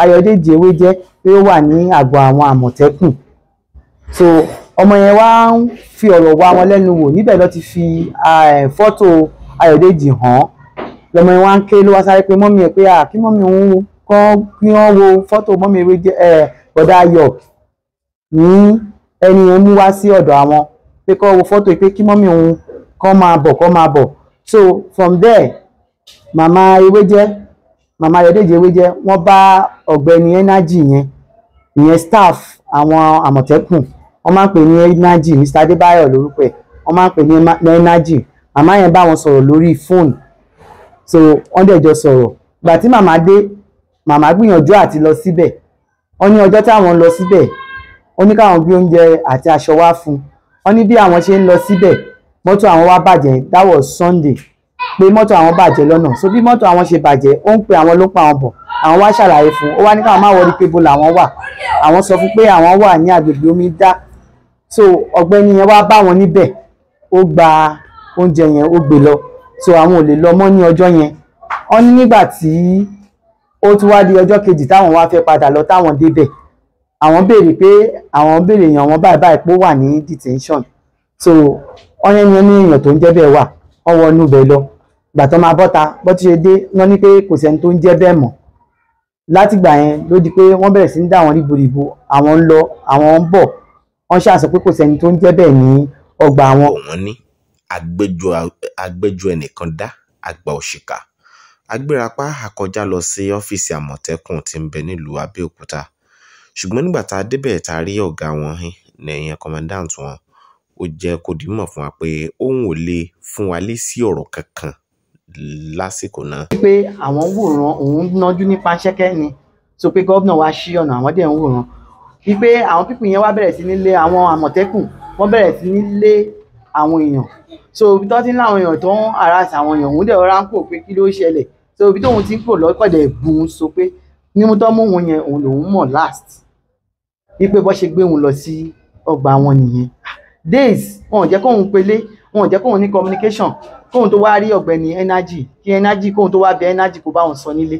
[SPEAKER 3] Ayọ̀dèjì Ewéjẹ pé ó wà ní àgọ́ àwọn Àmọ̀tẹ́kùn so ọmọ yẹn wá ń fi ọ̀rọ̀ wá wọn lẹ́nu wò níbẹ̀ ló ti fi fọ́tò Ayọ̀dèjì hàn án lọmọ ẹ wá ń ké ló wá sáré pé mọ́mí ẹ pé à kí mọ́mí òun kọ́ kí wọ́n wo fọ́tò mọ́mí ewé jẹ́ ẹ bọ̀dá ayọ̀ ní ẹni yẹn mú wá sí ọ̀dọ̀ àwọn pé kọ́ wo fọ́tò pé kí mọ́mí òun kọ́ máa bọ̀ kọ́ máa bọ̀ so from there màmá ewé jẹ́ màmá ayọ̀dèjì ewé jẹ́ wọ́n bá ọ̀gbẹ́ni energy yẹn ìyẹn staff àwọn àmọ̀tẹ́kùn wọ́n máa ń pè ní energy mr adébáyọ̀ lórúkọ ẹ̀ wọ́n máa ń pè ní energy màmá yẹn bá wọn sọ̀rọ̀ lórí fóònù so wọ́n dẹ̀ jọ sọ̀rọ̀ gbà tí màmá dé màmá gbìyànjú àti lọ síbẹ̀ wọ́n ní ọjọ́ táwọn lọ síbẹ̀ wọ́n ní káwọn gbé oúnjẹ àti aṣọ wá fún wọ́n ní bí àwọn ṣe ń lọ síbẹ̀ mọ́tò àwọn wá bàjẹ́ that was Sunday pé mọ́tò àwọn bàjẹ́ lọ́nà so bí mọ́tò àwọn ṣe bàjẹ́ ó ń pe àwọn ló pa àwọn bọ̀ àwọn wá ṣàlàyé fún ó wá ní káwọn má wọrí pé bo làwọn wà àwọn sọ fún pé àwọn wà ní agbègbè omi dá so ọ̀gbẹ́ni yẹn wá bá wọn níbẹ̀ ó gba oúnjẹ yẹn ó gbé lọ so àwọn ò lè lọ mọ́ ní ọjọ́ yẹn wọ́n ní nígbà tí ó tún wá di ọjọ́ kejì táwọn wá fẹ́ padà lọ táwọn débẹ̀ àwọn béèrè pé àwọn béèrè èèyàn wọn báyìí báyìí pé ó wà ní detention so wọ́n yẹn ní èèyàn tó ń jẹ́ bẹ́ẹ̀ wà wọ́n wọnú bẹ́ẹ̀ lọ ìgbà tó máa bọ́ta bó ti ṣe dé wọ́n ní pé kò sẹ́ni tó ń jẹ́ bẹ́ẹ̀ mọ́ látìgbà yẹn ló di pé wọ́n bẹ̀rẹ̀ sí ń dá àwọn ríboríbo àwọn ń lọ àwọn ń bọ̀ wọ́n ṣàṣọ pé kò sẹ́ni tó ń jẹ́ bẹ́ẹ̀ ní ọgbà àwọn
[SPEAKER 1] agbẹ́jọ́ agbẹ́jọ́ ẹnìkan dá àgbà òṣìkà agbérapá akọjá lọ sí ọ́fíìsì àmọ̀tẹ́kùn tí ń bẹ nílùú àbẹ́òkúta ṣùgbọ́n nígbà tá a débẹ̀ tá a rí ọ̀gá wọn nìyẹn kọmọdáǹtì wọn ó jẹ́ kó dìímọ̀ fún wa pé òun ò lè fún wa lé sí ọ̀rọ̀ kankan lásìkò náà.
[SPEAKER 3] pé àwọn wòran òun nájú ní panṣẹ́kẹ́ ni sọ pé gómìnà wa ṣí ọ̀nà àwọn dẹ̀ ń wòran wípé àwọn pípìn yẹn wá bẹ̀rẹ̀ sí ní lé àwọn àmọ̀tẹ́kùn wọ́n bẹ̀rẹ̀ sí ní lé àwọn èèyàn so ibi tó ti ń láwọn èèyàn tó ń ara àtàwọn èèyàn òun dẹ̀ ọ̀rá ń pò pé kí ló ṣẹlẹ̀ so ibi tóun ti ń pò lọ́pẹ̀dẹ̀ bùn so pé mímú tó mú òun yẹn òun lòun mọ̀ last wípé bọ́ ṣe gbé òun lọ sí ọgbà wọn nìyẹn days wọn ò jẹ́ kóun pelé wọn ò jẹ́ kóun ní communication kóun tó wá rí ọ̀gbẹ́ni energy kí energy kóun tó wá bẹ energy kó bá òun sọ nílé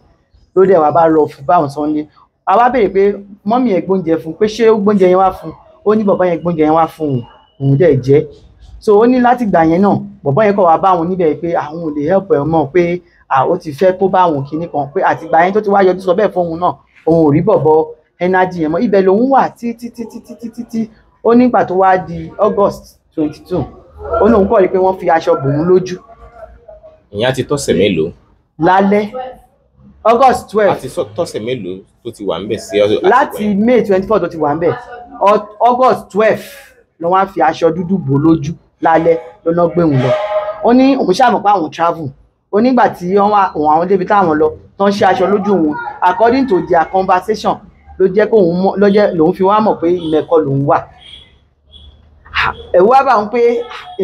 [SPEAKER 3] ló dẹ̀ wá bá rọ fún bá òun sọ nílé a wá béèrè pé mọ́mì ẹ̀ gbóúnjẹ fún pé ṣé ó gbóúnjẹ yẹn wá fún ó ní bàbá yẹn gbóúnjẹ yẹn wá fún òun òun dẹ̀ jẹ́ so ó ní láti gbà yẹn náà bọ̀bọ́ yẹn kọ̀ wá báwọn níbẹ̀ pé àwọn ò lè help ẹ̀ mọ́ pé ó ti fẹ́ kó báwọn kinní kan pé àtìgbà yẹn tó ti wá yọjú sọ bẹ́ẹ̀ fóun náà òun ò rí bọ̀bọ́ energy yẹn mọ́ ibẹ̀ lòun wà títí títí títí títí ó nígbà tó wá di August twenty two ó lóun kọ́ rí pé wọ́n fi aṣọ bòun lójú.
[SPEAKER 1] ìyẹn ti tọ́sẹ̀ mélòó. lálẹ́ August twelve. a ti tọ́sẹ̀ mélòó tó ti wà ń bẹ̀ sí. láti
[SPEAKER 3] May twenty four tó ti wà ń bẹ̀ August twelve ló wá fi aṣọ dúdú bò lójú lálẹ́ lọ́nà gbé òun lọ ó ní òun ṣàmọ̀ pé àwọn travel ó nígbà tí òun àwọn débi táwọn lọ tán ṣe aṣọ lójú òun according to their conversation ló jẹ́ kó òun ló jẹ́ lòun fi wá mọ̀ pé ìmẹ̀kọ lòun wà ẹ̀wọ́ bá ń pé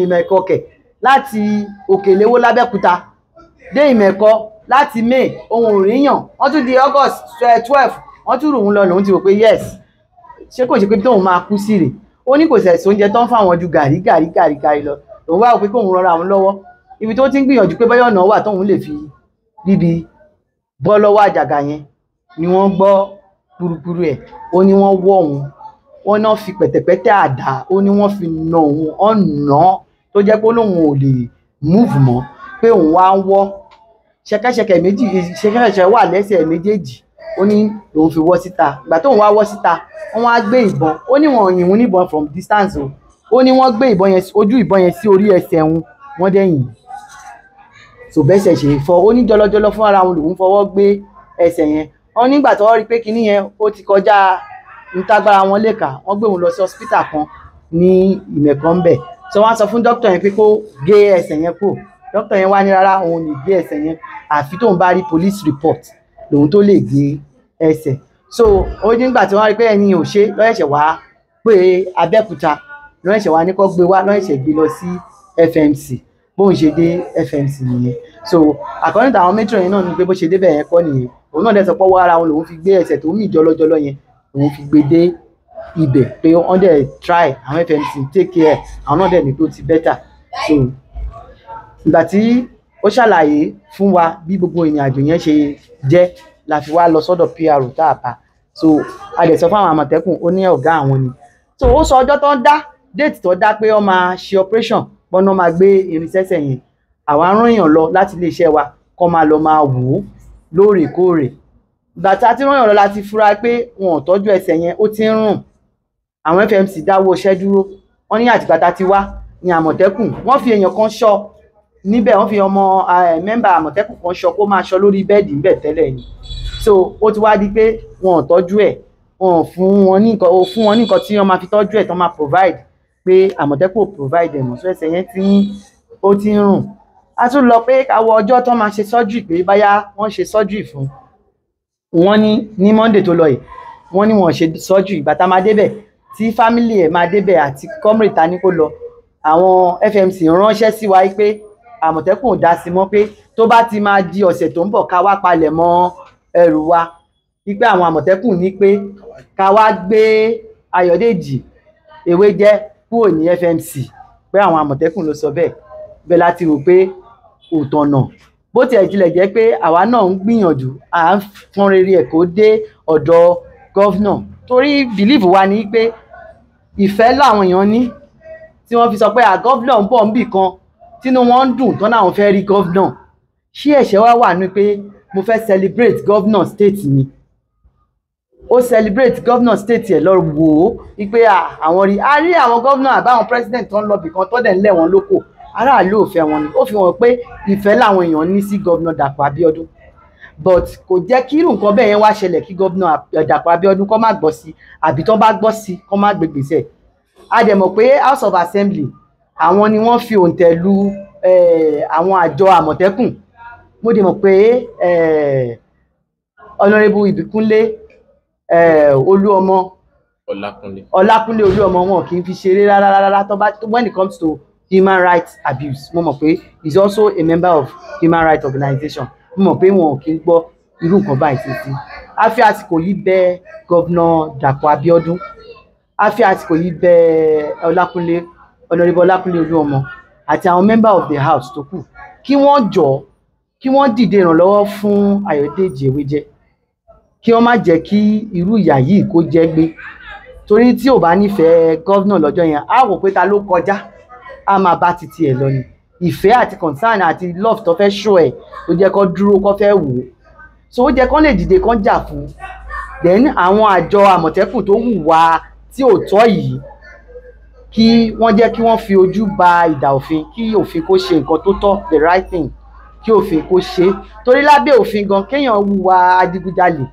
[SPEAKER 3] ìmẹ̀kọ kẹ̀ láti òkèléwó lábẹ́kúta dé ìmẹ̀kọ láti may ohun òríyàn wọ́n tún di august eh, twelve wọ́n tún rò òun lọ lòun ti rò pé yes ṣé kò ṣe pé tóun máa kú sí rèé ó ní kò sẹ̀sì oúnjẹ tó ń fáwọn ju gàrí gàrí gàrí gàrí lọ òun wá pé kóun rọra òun lọ́wọ́ ibi tó ti ń gbìyànjú pé báyọ̀ ọ̀nà wà tóun lè fi ríbi bọ́ lọ́wọ́ àjàgà yẹn ni wọ́n gbọ́ gbúrúgbúrú ẹ̀ ó ní wọ́n wọ́ òun wọ́n náà fi pẹ̀tẹ̀pẹ̀tẹ̀ àdá ó ní wọ́n fi na òun ọ̀nà tó jẹ́ pé lóun ò lè múùfù mọ́ pé òun wá ń wọ́ ṣẹ̀kẹ̀ṣẹ̀kẹ̀ méjì ṣẹ̀kẹ̀ṣẹ̀kẹ̀ wà lẹ́sẹ̀ méjèèjì ó ní lòun fi wọ́ síta ìgbà tóun wá wọ́ síta wọ́n wá gbé ìbọn ó ní wọ́n yìn wọ́n níbọn from distance o ó ní wọ́n gbé ìbọn yẹn ojú ìbọn yẹn sí orí ẹsẹ̀ wọn wọ́n dẹ́yìn so bẹ́sẹ̀ ṣe fọ́ ó ní jọlọjọlọ fún ara wọn lòun fọwọ́ gbé ẹsẹ̀ yẹn wọ́n nígbà tó rí pé kinní yẹn ó ti kọjá ntágbára wọn lè kà wọ́n gbé òun lọ sí hospital kan ní ìmẹ̀kọ́ ńbẹ̀ so wọ́n á sọ fún dókítà yẹn pé kó gé ẹsẹ̀ yẹn kù dókítà yẹn wá ní rárá òun ní gé ẹsẹ̀ yẹn àfi tóun bá rí police report lòun tó lè gé ẹsẹ̀ so ó nígbà tí wọ́n rí pé ẹni ò ṣe lọ́yẹ̀ṣẹ̀ wá pé Abẹ́òkúta lọ́yẹ̀ṣẹ̀ wá ní kó gbé wá lọ́yẹ̀ṣẹ̀ gbé lọ sí FMC bóun ṣe dé FMC nìyẹn so àkọ́ni tàwọn matron yẹn náà ni pé bó ṣe débẹ̀ yẹn kọ́ nìyẹn òun náà dẹ́sọ̀ pọ́wọ́ ara òun lòun fi gbé ẹsẹ̀ tó mì jọlọ́jọlọ́ yẹn òun fi gbé dé ibẹ̀ pé wọ́n dẹ̀ try àwọn FMC take care àwọn náà dẹ̀ ní tó ti better so ìgbà tí ó ṣàlàyé fún wa bí gbogbo ìrìn àjò yẹn ṣe jẹ́ la fi wá lọ sọ́dọ̀ PR tá so a dẹ̀ sọ fún àwọn àmọ̀tẹ́kùn ó ní ọ̀gá àwọn ni so ó sọ ọjọ́ tó ń dá déètì tó dá pé ó máa ṣe operation bọ́nà máa gbé irinṣẹ́ṣẹ́ yẹn àwa rán èèyàn lọ láti iléeṣẹ́ wa kọ́ máa lọ máa wò ó lóòrèkóòrè bàtà tí rán èèyàn lọ láti fura pé wọn ò tọ́jú ẹsẹ̀ yẹn ó ti ń rùn àwọn FMC dáwọ́ iṣẹ́ dúró wọ́n ní àtìgbàtà ti wá ní àmọ̀tẹ́kùn wọ́n fi èèyàn kan ṣọ́ níbẹ̀ wọ́n fi ọmọ eh, mẹ́mbà àmọ̀tẹ́kùn kan ṣọ kó máa ṣọ lórí bẹ́ẹ̀dì ńbẹ̀ tẹ́lẹ̀ ni so ó ti wá di pé wọn ò tọ́jú ẹ̀ wọn ò fún wọn ní nǹkan ò fún wọn ní nǹkan tí wọ́n máa fi tọ́jú ẹ̀ tán máa provide pé àmọ̀tẹ́kùn provide ẹ̀ mọ̀ so ẹsẹ̀ yẹn ti ń ó ti ń rùn a tún lọ pé káwọ ọjọ́ tán máa ṣe surgery pé báyá wọ́n ṣe surgery fún wọn ní ní Monday tó lọ yìí wọ́n ní wọ́n ṣe surgery ìgbà máa débẹ̀ tí family ẹ̀ máa débẹ̀ àti comrade ta ní kó lọ àwọn FMC ránṣẹ́ sí wa pé àmọ̀tẹ́kùn ò dá sí mọ́ pé tó bá ti máa di ọ̀sẹ̀ tó ń bọ̀ ká wá palẹ̀ mọ́ ẹrù wa wípé àwọn àmọ̀tẹ́kùn ní pé ká wá gbé Ayọ̀dèjì ewé jẹ́ kúrò ní FMC pé àwọn àmọ̀tẹ́kùn ló sọ bẹ́ẹ̀ bẹ́ẹ̀ láti rò pé òótọ́ náà bó tiẹ̀ tilẹ̀ jẹ́ pé àwa náà ń gbìyànjú à ń fọn rere ẹ̀ kó dé ọ̀dọ̀ gọ́vnà torí bìlíìfù wa ni pé ìfẹ́ làwọn èèyàn ní tí wọ́n fi sọ pé à gọ́vnà ń bọ̀ ń bì kan tínú wọn ń dùn tán láwọn fẹ́ rí gọ́vnà ṣé ẹ̀ṣẹ̀ wá wà ní pé mo fẹ́ celebrate gọ́vnà state mi ó celebrate gọ́vnà state ẹ̀ lọ wò ó wípé àwọn rí a rí àwọn gọ́vnà àbáwọn president tó ń lọ bìkan tó dẹ̀ ń lẹ̀ wọ́n lóko aráàlú ò fẹ́ wọn ni ó fi hàn pé ìfẹ́ làwọn èèyàn ní sí gọ́vnà Dàpọ̀ Abíọ́dún but kò jẹ́ kí irú nǹkan bẹ́ẹ̀ yẹn wá ṣẹlẹ̀ kí gọ́vnà Dàpọ̀ Abíọ́dún kó má gbọ́ sí àbí tó bá gbọ́ sí kó má gbégbèsè a dẹ̀ mọ̀ pé House of Assembly àwọn ni wọ́n fi òǹtẹ̀ lu àwọn àjọ àmọ̀tẹ́kùn mo dì mọ̀ pé ọ̀nàrẹ́bù ìbíkúnlé olúọmọ ọlákúnlé ọlákúnlé olúọmọ wọn kì í fi ṣeré rárá rárá tó bá when it comes to human rights abuse mo mọ̀ pé he is also a member of human rights organization mo mọ̀ pé wọn kì í gbọ́ irú nǹkan báyìí títí a fi àsìkò yìí bẹ gọ́vnà dàpọ̀ abíọ́dún a fi àsìkò yìí bẹ ọlákúnlé ọ̀nàrẹ́bọ̀ ọlákúnlé olúọmọ àti àwọn member of the house tó kù kí wọ́n jọ kí wọ́n dìde ìrànlọ́wọ́ fún ayọ̀dèjì ewéjẹ kí wọ́n má jẹ́ kí irú ìyà yìí kó jẹ́ gbé torí tí ò bá nífẹ̀ẹ́ gọ́vnà lọ́jọ́ yẹn á wò pé ta ló kọjá á máa bá titi ẹ̀ lọ ni ìfẹ́ àti concern àti love tó fẹ́ show ẹ̀ ló jẹ́ kó dúró kó fẹ́ wò ó so ó jẹ́ kó lè dìde kó jà fún then àwọn àjọ àmọ̀tẹ́kùn tó hùwà tí ò tọ́ yìí kí wọ́n jẹ́ kí wọ́n fi ojú ba ìdà òfin kí òfin kó ṣe nǹkan tó tọ́ the right thing kí òfin kó ṣe torí lábẹ́ òfin gan kéèyàn wùwà adigunjalè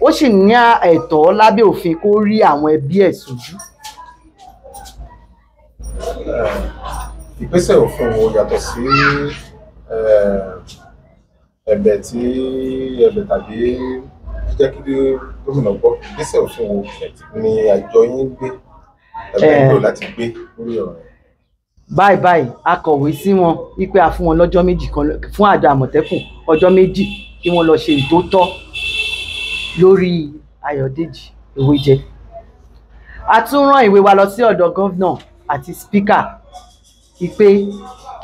[SPEAKER 3] ó sì ní ẹ̀tọ́ lábẹ́ òfin kó rí àwọn ẹbí ẹ̀ sójú.
[SPEAKER 1] Eh, ìgbésẹ̀ òfin wo yàtọ̀ sí eh, ẹ̀bẹ̀ tí ẹ̀bẹ̀ tàbí jẹ́ kí gómìnà gbọ́ ìgbésẹ̀ òfin wo ni àjọ yín gbé Eh.
[SPEAKER 3] báyìí báyìí a kọ̀wé sí wọn wípé a fún wọn lọ́jọ́ méjì kan fún àjọ àmọ̀tẹ́kùn ọjọ́ méjì kí wọ́n lọ ṣe ìtótọ́ lórí Ayọ̀dèjì Ewéjẹ a tún rán ìwé wa lọ sí ọ̀dọ̀ gọ́vnà àti spíkà wípé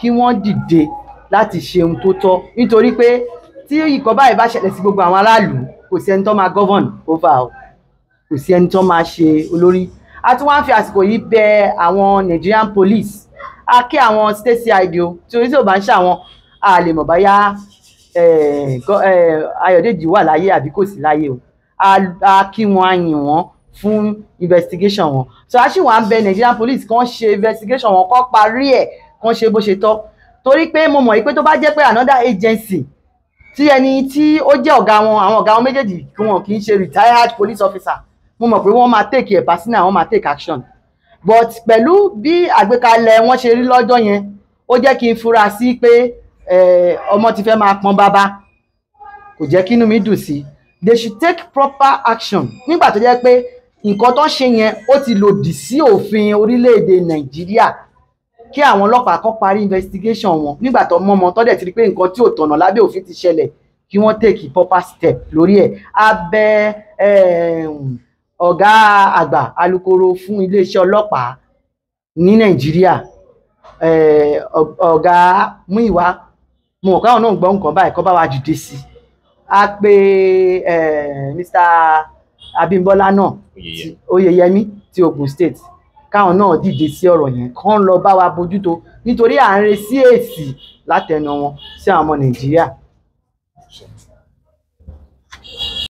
[SPEAKER 3] kí wọ́n dìde láti ṣe ohun tó tọ́ nítorí pé tí ìkọ́ báyìí bá ṣẹlẹ̀ sí gbogbo àwọn aráàlú kò sí ẹni tó máa govern over o kò sí ẹni tó máa ṣe olórí a tún wá ń fi àsìkò yìí bẹ àwọn Nigerian police a kí àwọn state cid o torí tí ò bá ń ṣàwọn a lè mọ̀ báyá eh, eh, Ayọ̀dèjì wà láyé àbí kò sí láyé o a kí wọn a yìn wọn fún investigation wọn so a sì wá ń bẹ Nigerian police kan ṣe investigation wọn kó parí ẹ̀ kan ṣe bó ṣe tọ́ torí pé mo mọ̀ pé tó bá jẹ́ pé another agency tí ẹni tí ó jẹ́ ọ̀gá wọn àwọn ọ̀gá wọn méjèèjì wọn kì í ṣe retired police officer mo mọ̀ pé wọ́n máa take ẹ̀ personal wọ́n máa take action but pẹ̀lú bí àgbékalẹ̀ wọn ṣe rí lọ́jọ́ yẹn ó jẹ́ kí n fura sí pé ọmọ ti fẹ́ máa pọn bàbá kò jẹ́ kí inú mi dùn sí they should take proper action nígbà tó jẹ́ pé nǹkan tó ń ṣe yẹn ó ti lòdì sí òfin orílẹ̀-èdè nàìjíríà kí àwọn ọlọ́pàá kan parí investigation wọn nígbà tó mọ́mọ́ tó dẹ̀ ti rí pé nǹkan tí ò tọ̀nà lábẹ́ òfin ti ṣẹlẹ̀ kí wọ́n take proper step lórí ẹ̀ abẹ́ ọ̀gá àgbà alukoro fún iléeṣẹ́ ọlọ́pàá ní nàìjíríà ọ̀gá Múyìwá mo mọ̀ káwọn náà gbọ́ nǹkan báyìí kó bá wa dìde sí a pe Mr. Abímbọ́lá náà Oyèyẹmí ti Ogun State káwọn náà dìde sí ọ̀rọ̀ yẹn kán lọ bá wa bójútó nítorí à ń retí èsì látẹnu wọn sí àwọn ọmọ nàìjíríà.